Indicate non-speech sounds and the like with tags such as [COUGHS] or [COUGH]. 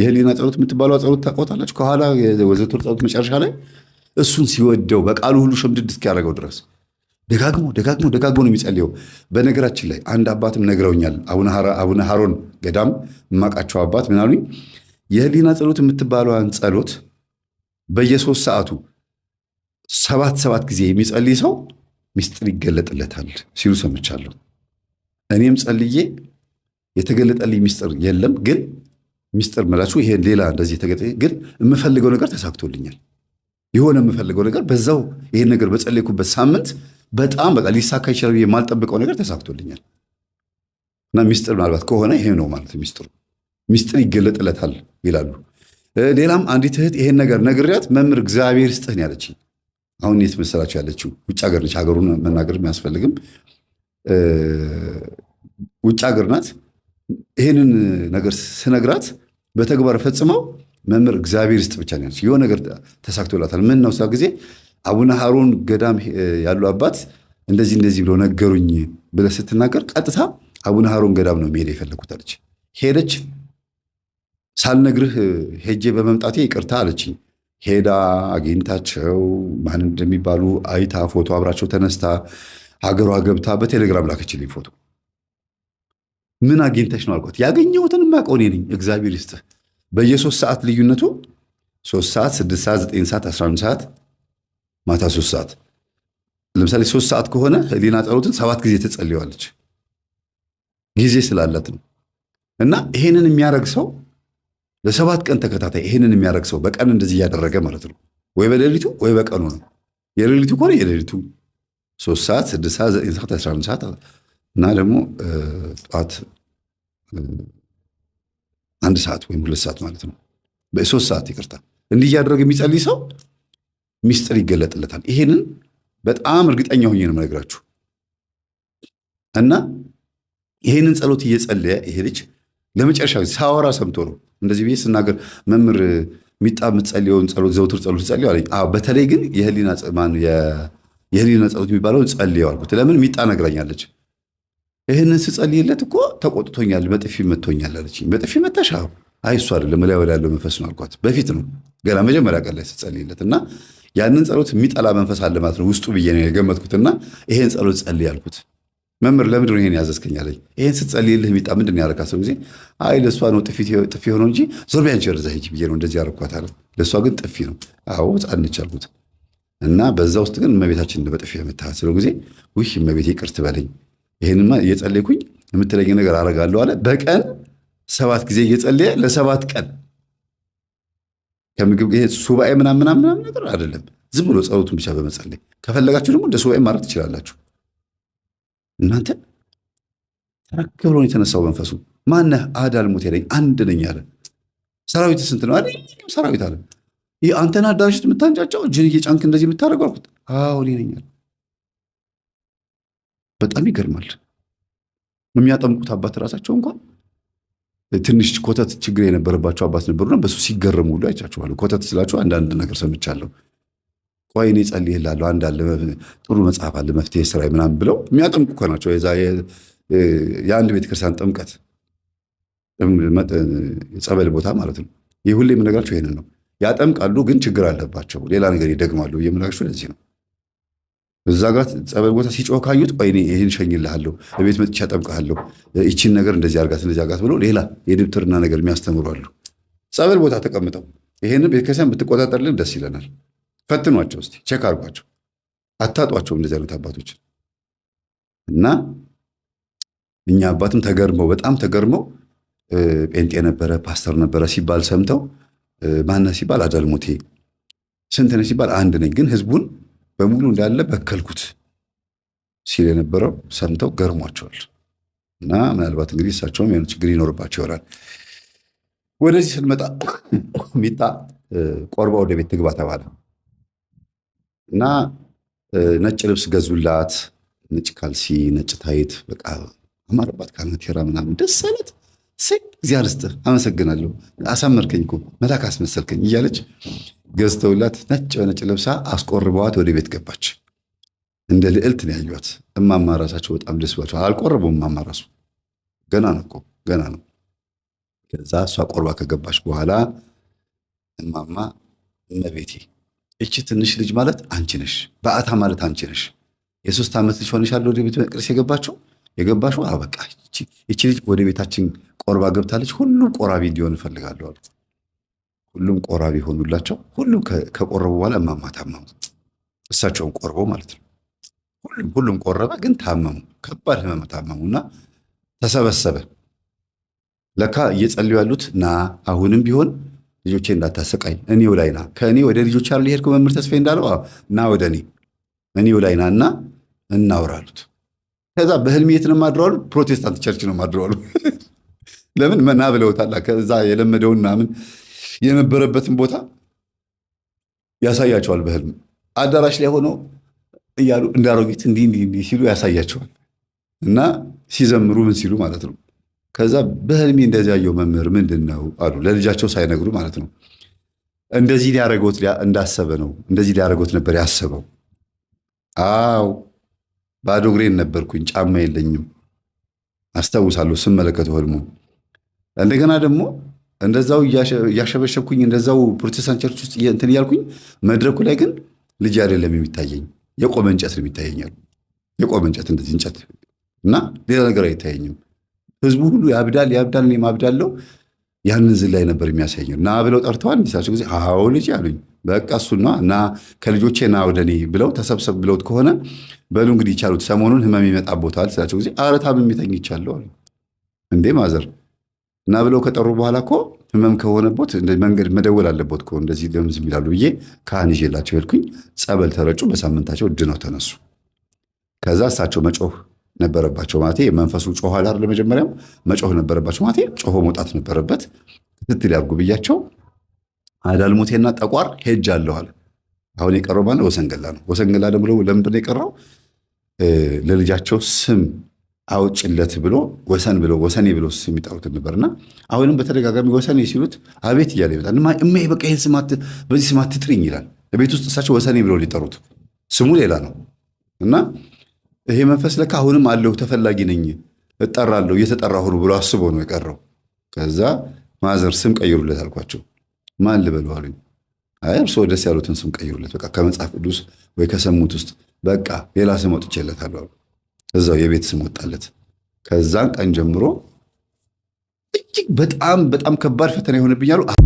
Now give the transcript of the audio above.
የህሊና ጸሎት የምትባለው ጸሎት ታውቃታለች። ከኋላ የዘወትር ጸሎት መጨረሻ ላይ እሱን ሲወደው በቃሉ ሁሉ ሸምድድ እስኪያደርገው ድረስ ደጋግሞ ደጋግሞ ደጋግሞ ነው የሚጸልየው። በነገራችን ላይ አንድ አባትም ነግረውኛል። አቡነ ሀሮን ገዳም የማውቃቸው አባት ምናሉኝ የህሊና ጸሎት የምትባለዋን ጸሎት በየሶስት ሰዓቱ ሰባት ሰባት ጊዜ የሚጸልይ ሰው ሚስጥር ይገለጥለታል ሲሉ ሰምቻለሁ። እኔም ጸልዬ የተገለጠልኝ ሚስጥር የለም ግን ሚስጥር መላችሁ ይሄ ሌላ እንደዚህ ተገጠ ግን የምፈልገው ነገር ተሳክቶልኛል። የሆነ የምፈልገው ነገር በዛው ይሄን ነገር በጸለይኩበት ሳምንት በጣም በቃ ሊሳካ ይችላል ብዬ የማልጠብቀው ነገር ተሳክቶልኛል እና ሚስጥር ምናልባት ከሆነ ይሄ ነው ማለት ሚስጥሩ። ሚስጥር ይገለጥለታል ይላሉ። ሌላም አንዲት እህት ይሄን ነገር ነግሪያት መምህር እግዚአብሔር ስጥህን ያለችኝ አሁን የት መሰላችሁ ያለችው ውጭ ሀገር ነች። ሀገሩን መናገር የሚያስፈልግም ውጭ ሀገር ናት። ይሄንን ነገር ስነግራት በተግባር ፈጽመው መምህር እግዚአብሔር ይስጥ ብቻ ነው የሆነ ነገር ተሳክቶላታል። ምን ነው ጊዜ አቡነ ሀሮን ገዳም ያሉ አባት እንደዚህ እንደዚህ ብለው ነገሩኝ ብለ ስትናገር ቀጥታ አቡነ ሀሮን ገዳም ነው መሄድ የፈለጉት አለች። ሄደች። ሳልነግርህ ሄጄ በመምጣቴ ይቅርታ አለችኝ። ሄዳ አግኝታቸው ማን እንደሚባሉ አይታ ፎቶ አብራቸው ተነስታ ሀገሯ ገብታ በቴሌግራም ላከችልኝ ፎቶ ምን አግኝተሽ ነው አልኳት። ያገኘሁትን ማቀው እኔ ነኝ። እግዚአብሔር ይስጥህ። በየሶስት ሰዓት ልዩነቱ ሶስት ሰዓት፣ ስድስት ሰዓት፣ ዘጠኝ ሰዓት፣ አስራ አንድ ሰዓት፣ ማታ ሶስት ሰዓት። ለምሳሌ ሶስት ሰዓት ከሆነ ህሊና ጸሎትን ሰባት ጊዜ ትጸልዋለች ጊዜ ስላላት ነው። እና ይሄንን የሚያደርግ ሰው ለሰባት ቀን ተከታታይ ይሄንን የሚያደርግ ሰው በቀን እንደዚህ እያደረገ ማለት ነው። ወይ በሌሊቱ ወይ በቀኑ ነው። የሌሊቱ ከሆነ የሌሊቱ ሶስት ሰዓት፣ ስድስት ሰዓት፣ ዘጠኝ ሰዓት፣ አስራ አንድ ሰዓት እና ደግሞ ጠዋት አንድ ሰዓት ወይም ሁለት ሰዓት ማለት ነው በሶስት ሰዓት ይቅርታ፣ እንዲህ እያደረገ የሚጸልይ ሰው ሚስጥር ይገለጥለታል። ይሄንን በጣም እርግጠኛ ሆኜ ነው የምነግራችሁ። እና ይሄንን ጸሎት እየጸለየ ይሄ ልጅ ለመጨረሻ ጊዜ ሳወራ ሰምቶ ነው እንደዚህ ብዬ ስናገር መምህር ሚጣ የምትጸልየውን ጸሎት ዘውትር ጸሎት ጸልዩ አለኝ። በተለይ ግን የህሊና ጸሎት የሚባለውን ጸልየው አልኩት። ለምን ሚጣ ነግራኛለች። ይህንን ስጸልይለት እኮ ተቆጥቶኛል፣ በጥፊ መቶኛል አለችኝ። በጥፊ መታሽ? አይ እሱ አይደለም እላዩ ላይ ያለው መንፈስ ነው አልኳት። በፊት ነው ገና መጀመሪያ ቀን ላይ ስጸልይለት እና ያንን ጸሎት የሚጠላ መንፈስ አለ ማለት ነው ውስጡ ብዬ ነው የገመትኩትና ይሄን ጸሎት ጸልይ አልኩት። መምህር ለምንድን ነው ይሄን ያዘዝከኝ አለኝ። ይሄን ስትጸልይልህ የሚጣ ምንድን ያረካ ሰው ጊዜ አይ ለእሷ ነው ጥፊ የሆነው እንጂ ዞር ቢያንቺ ርዛ ሂጂ ብዬ ነው እንደዚህ ያረኳት አለ። ለእሷ ግን ጥፊ ነው። አዎ ጻንች አልኩት እና በዛ ውስጥ ግን እመቤታችን በጥፊ የመታሃት ስለው ጊዜ ውህ እመቤቴ ይቅር ትበለኝ ይህንማ እየጸለይኩኝ የምትለኝ ነገር አረጋለሁ አለ። በቀን ሰባት ጊዜ እየጸለየ ለሰባት ቀን ከምግብ ይሄ ሱባኤ ምናምን ምናምን ነገር አይደለም። ዝም ብሎ ጸሎቱን ብቻ በመጸለይ ከፈለጋችሁ ደግሞ እንደ ሱባኤ ማድረግ ትችላላችሁ። እናንተ ተረክ ብሎን የተነሳው መንፈሱ ማነህ? አሐድ አልሞት ያለኝ አንድ ነኝ አለ። ሰራዊት ስንት ነው? ሰራዊት አለ። ይህ አንተን አዳራሽት የምታንጫጫው ጅን እየጫንክ እንደዚህ የምታደርገው አልኩት። አዎ እኔ ነኝ አለ። በጣም ይገርማል። የሚያጠምቁት አባት እራሳቸው እንኳን ትንሽ ኮተት ችግር የነበረባቸው አባት ነበሩና በሱ ሲገረሙ ሁሉ አይቻችኋለሁ። ኮተት ስላቸው አንዳንድ ነገር ሰምቻለሁ። ቆይ እኔ ጸልይልሃለሁ፣ አንድ አለ ጥሩ መጽሐፍ አለ መፍትሄ ስራ ምናምን ብለው የሚያጠምቁ ከናቸው የአንድ ቤተክርስቲያን ጥምቀት ጸበል ቦታ ማለት ነው። ይህ ሁሌ የምነግራቸው ይህንን ነው። ያጠምቃሉ፣ ግን ችግር አለባቸው። ሌላ ነገር ይደግማሉ። የምነግራቸው ለዚህ ነው። እዛ ጋር ጸበል ቦታ ሲጮህ ካዩት ቆይ እኔ ይህን ሸኝልሃለሁ፣ ቤት መጥቼ አጠምቅሃለሁ፣ ይችን ነገር እንደዚህ አርጋት እንደዚህ አርጋት ብሎ ሌላ የድብትርና ነገር የሚያስተምሩ አሉ። ጸበል ቦታ ተቀምጠው ይህን ቤተክርስቲያን ብትቆጣጠርልን ደስ ይለናል። ፈትኗቸው እስኪ ቼክ አርጓቸው፣ አታጧቸውም እንደዚህ አይነት አባቶችን እና እኛ አባትም ተገርመው በጣም ተገርመው ጴንጤ ነበረ ፓስተር ነበረ ሲባል ሰምተው ማነ ሲባል አዳልሙቴ ስንት ነህ ሲባል አንድ ነኝ ግን ህዝቡን በሙሉ እንዳለ በከልኩት ሲል የነበረው ሰምተው ገርሟቸዋል። እና ምናልባት እንግዲህ እሳቸውም የሆነ ችግር ይኖርባቸው ይሆናል። ወደዚህ ስንመጣ [COUGHS] ሚጣ ቆርባ ወደ ቤት ትግባ ተባለ እና ነጭ ልብስ ገዙላት። ነጭ ካልሲ፣ ነጭ ታይት፣ በቃ አማረባት። ካናቴራ ምናምን ደስ አለት። ሴ እግዚአብሔር ይስጥህ፣ አመሰግናለሁ፣ አሳመርከኝ መላክ አስመሰልከኝ እያለች ገዝተውላት ነጭ በነጭ ለብሳ አስቆርበዋት ወደ ቤት ገባች። እንደ ልዕልት ነው ያዩት። እማማ ራሳቸው በጣም ደስ ብሏቸው አልቆረቡም። እማማ ራሱ ገና ነው እኮ ገና ነው። ከዛ እሷ ቆርባ ከገባች በኋላ እማማ እመቤቴ፣ እቺ ትንሽ ልጅ ማለት አንቺ ነሽ፣ በአታ ማለት አንቺ ነሽ። የሶስት ዓመት ልጅ ሆነሻል ወደ ቤተ መቅደስ የገባችው የገባሽው። አበቃ እቺ ልጅ ወደ ቤታችን ቆርባ ገብታለች። ሁሉም ቆራቢ እንዲሆን እፈልጋለሁ አሉ። ሁሉም ቆራቢ ሆኑላቸው። ሁሉም ከቆረቡ በኋላ እማማ ታመሙ። እሳቸውን ቆርበው ማለት ነው። ሁሉም ሁሉም ቆረበ፣ ግን ታመሙ። ከባድ ህመም ታመሙ እና ተሰበሰበ። ለካ እየጸልዩ ያሉት ና አሁንም ቢሆን ልጆቼ እንዳታሰቃኝ እኔው ላይ ና፣ ከእኔ ወደ ልጆች አሉ ሄድኩ መምህር ተስፋ እንዳለው ና ወደ እኔ እኔው ላይ ና እና እናውራሉት። ከዛ በህልም የት ነው ማድረዋሉ? ፕሮቴስታንት ቸርች ነው ማድረዋሉ። [LAUGHS] ለምን መና ብለውታላ። ከዛ የለመደውን ምናምን የነበረበትን ቦታ ያሳያቸዋል። በህልም አዳራሽ ላይ ሆነው እያሉ እንዳሮጊት እንዲህ እንዲህ ሲሉ ያሳያቸዋል እና ሲዘምሩ ምን ሲሉ ማለት ነው። ከዛ በህልሜ እንደዚህ ያየው መምህር ምንድን ነው አሉ። ለልጃቸው ሳይነግሩ ማለት ነው። እንደዚህ ሊያረጎት እንዳሰበ ነው። እንደዚህ ሊያረጎት ነበር ያሰበው። አዎ ባዶ እግሬን ነበርኩኝ፣ ጫማ የለኝም። አስታውሳለሁ ስመለከተው ህልሙ እንደገና ደግሞ እንደዛው እያሸበሸብኩኝ እንደዛው ፕሮቴስታንት ቸርች ውስጥ እንትን እያልኩኝ መድረኩ ላይ ግን ልጅ አይደለም የሚታየኝ፣ የቆመ እንጨት ነው የሚታየኛል። የቆመ እንጨት እንደዚህ እንጨት እና ሌላ ነገር አይታየኝም። ህዝቡ ሁሉ ያብዳል ያብዳል፣ እኔም አብዳለሁ። ያንን ዝን ላይ ነበር የሚያሳየው። እና ብለው ጠርተዋል ሳቸው ጊዜ አዎ ልጅ አሉኝ። በቃ እሱና እና ከልጆቼ ና ወደ እኔ ብለው ተሰብሰብ ብለውት ከሆነ በሉ እንግዲህ ይቻሉት ሰሞኑን ህመም ይመጣ ቦታል ስላቸው ጊዜ አረታም የሚተኝ ይቻለሁ አሉ። እንዴ ማዘር እና ብለው ከጠሩ በኋላ እኮ ህመም ከሆነቦት መንገድ መደወል አለቦት ከሆነ እንደዚህ ደምዝ የሚላሉ ብዬ ካህን ይዤላቸው ሄድኩኝ። ጸበል ተረጩ። በሳምንታቸው ድነው ተነሱ። ከዛ እሳቸው መጮህ ነበረባቸው ማለት መንፈሱ ጮኸ ዳር ለመጀመሪያም መጮህ ነበረባቸው ማ ጮሆ መውጣት ነበረበት። ክትትል ያርጉ ብያቸው አዳልሙቴና ጠቋር ሄጃለሁ አለ። አሁን የቀረው ማነው? ወሰንገላ ነው። ወሰንገላ ደግሞ ለምንድን ነው የቀረው? ለልጃቸው ስም አውጭለት ብሎ ወሰን ብሎ ወሰኔ ብሎ የሚጠሩት ነበርና አሁንም በተደጋጋሚ ወሰኔ ሲሉት አቤት እያለ ይመጣል። እማዬ በቃ ይህን ስማት በዚህ ስማት ትጥሪኝ ይላል። ቤት ውስጥ እሳቸው ወሰኔ ብሎ ሊጠሩት ስሙ ሌላ ነው እና ይሄ መንፈስ ለካ አሁንም አለው ተፈላጊ ነኝ እጠራለሁ እየተጠራ ሆኑ ብሎ አስቦ ነው የቀረው። ከዛ ማዘር ስም ቀይሩለት አልኳቸው። ማን ልበሉ አሉኝ። አይ እርስዎ ደስ ያሉትን ስም ቀይሩለት፣ በቃ ከመጽሐፍ ቅዱስ ወይ ከሰሙት ውስጥ በቃ ሌላ ስም አውጥቼለታለሁ አሉ። እዛው የቤት ስም ወጣለት። ከዛን ቀን ጀምሮ እጅግ በጣም በጣም ከባድ ፈተና የሆነብኝ አሉ።